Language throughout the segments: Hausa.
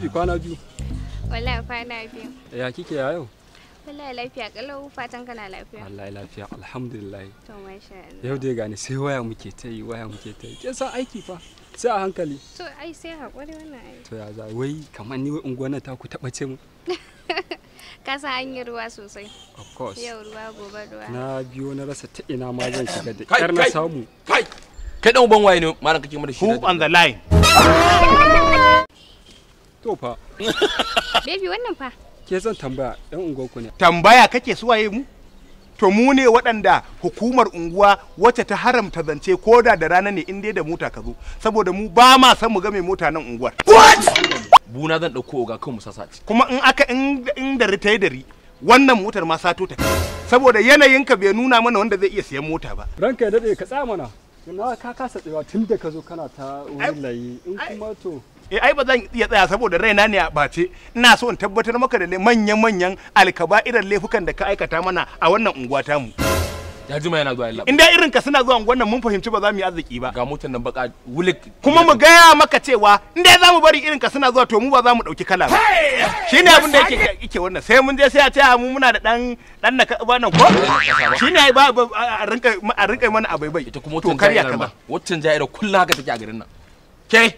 Baby kwana biyu. Wallahi kwana biyu. Ya kike ya yau? Wallahi lafiya kalau fatan kana lafiya. Wallahi lafiya alhamdulillah. To masha Allah. Yau dai gani sai waya muke ta yi waya muke ta yi. Ke san aiki fa sai a hankali. To ai sai hakuri wannan ai. To ya za wai kamar ni wai unguwar ta ku taba ce mu. Ka san an yi ruwa sosai. Of course. Yau ruwa gobe ruwa. Na biyo na rasa ta ina ma zan shiga da kyar na samu. Kai kai dan uban waye ne malam kake mu da shi. Who on the line? to fa baby wannan fa ke zan tambaya ɗan unguwar ku ne tambaya kake suwaye mu to mu ne waɗanda hukumar unguwa wacce ta haramta zance ko da da rana ne in dai da mota ka zo saboda mu ba ma san mu ga mai mota nan unguwar buna zan ɗauko oga kan mu sasa kuma in aka in da ta dari wannan motar ma sato ta saboda yanayin ka bai nuna mana wanda zai iya siyan mota ba ranka ya dade ka tsamana na ka kasa tsayawa tun da ka zo kana ta wurin layi in kuma to Eh, ai ba zan iya tsaya saboda raina ne a bace, ina so in tabbatar maka da manyan-manyan alkaba'irar laifukan da ka aikata mana a wannan unguwa mu ya jima yana zuwa Allah inda irin ka suna zuwa wannan mun fahimci ba za mu yi arziki ba ga motar nan baka wulik kuma mu gaya maka cewa inda za mu bari irin ka suna zuwa to mu ba za mu dauki kala ba shine abin da yake yake wannan sai mun je sai a ce ah, mu muna da dan dan na nan ko shine ba a rinka a rinka mana abai bai ita kuma motar jayar ma motar jayar kullu haka take a garin nan Ke?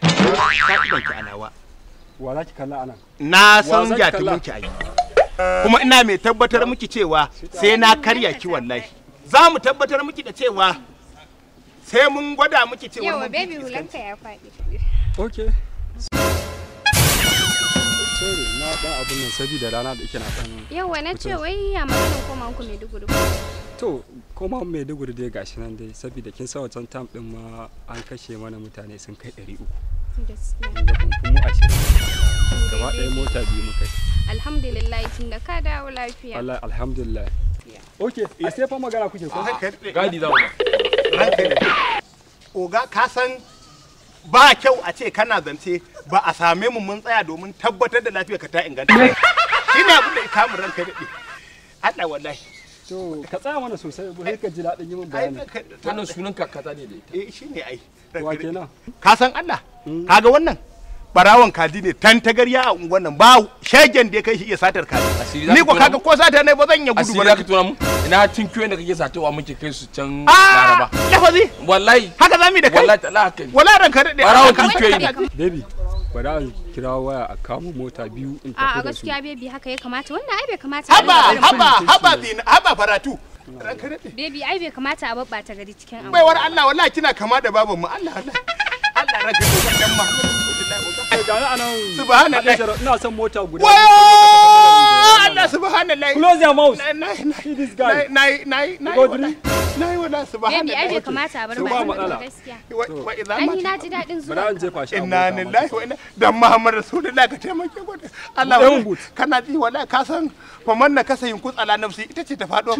Na san jatumin ki ayi. Kuma ina mai tabbatar miki cewa sai na karya ki wallahi. Za mu tabbatar miki da cewa sai mun gwada miki cewa Yawa baby hulanka ya faɗi. Okay. na ɗan abin nan sabida rana da ike na ɗan. Yawa na ce wai ya maganin koma ku mai dugu-dugu. to koma maiduguri dai gashi nan dai saboda kin sa wancan tam din ma an kashe mana mutane sun kai 300 da kumfumu a gaba ɗaya mota biyu muka alhamdulillah tun da ka dawo lafiya Allah alhamdulillah ok a eh, sai fa magana kuke ko gadi za mu oga ka san ba kyau a ce kana zance ba a same mu mun tsaya domin tabbatar da lafiyarka ta inganta shine abin da ya kamun ranka daɗe Allah wallahi to ka tsaya mana sosai ba sai ka ji daɗin yi min bayani wannan sunan kakata ne da ita eh shine ai wa kenan ka san Allah hmm. kaga wannan barawan kaji ne tantagarya a unguwan nan ba shegen da ya kai shi iya satar kaji ni ko kaga ko ne ka mu ina su can ah, laraba lafazi wallahi haka zamu da kai wallahi talaka wallahi dade barawan baby za a kira waya a kama mota biyu in tafi a gaskiya bebi haka ya kamata wannan ai bai kamata haba haba haba bin haba faratu bebi ai bai kamata a babbata gari cikin amma baiwar Allah wallahi kina kama da baban mu Allah Allah Allah raka dan Muhammad subhanallah ina son mota guda Allah subhanallah close your mouth this guy nai nai nai na yi wala su ba hannun da ake kamata a bar ma matsala ani na ji daɗin zuwa inna lillahi wa inna dan muhammad rasulullahi ka taimake ku Allah wa kana ji wala ka san faman na kasa yin kutsala nafsi ita ce ta faɗo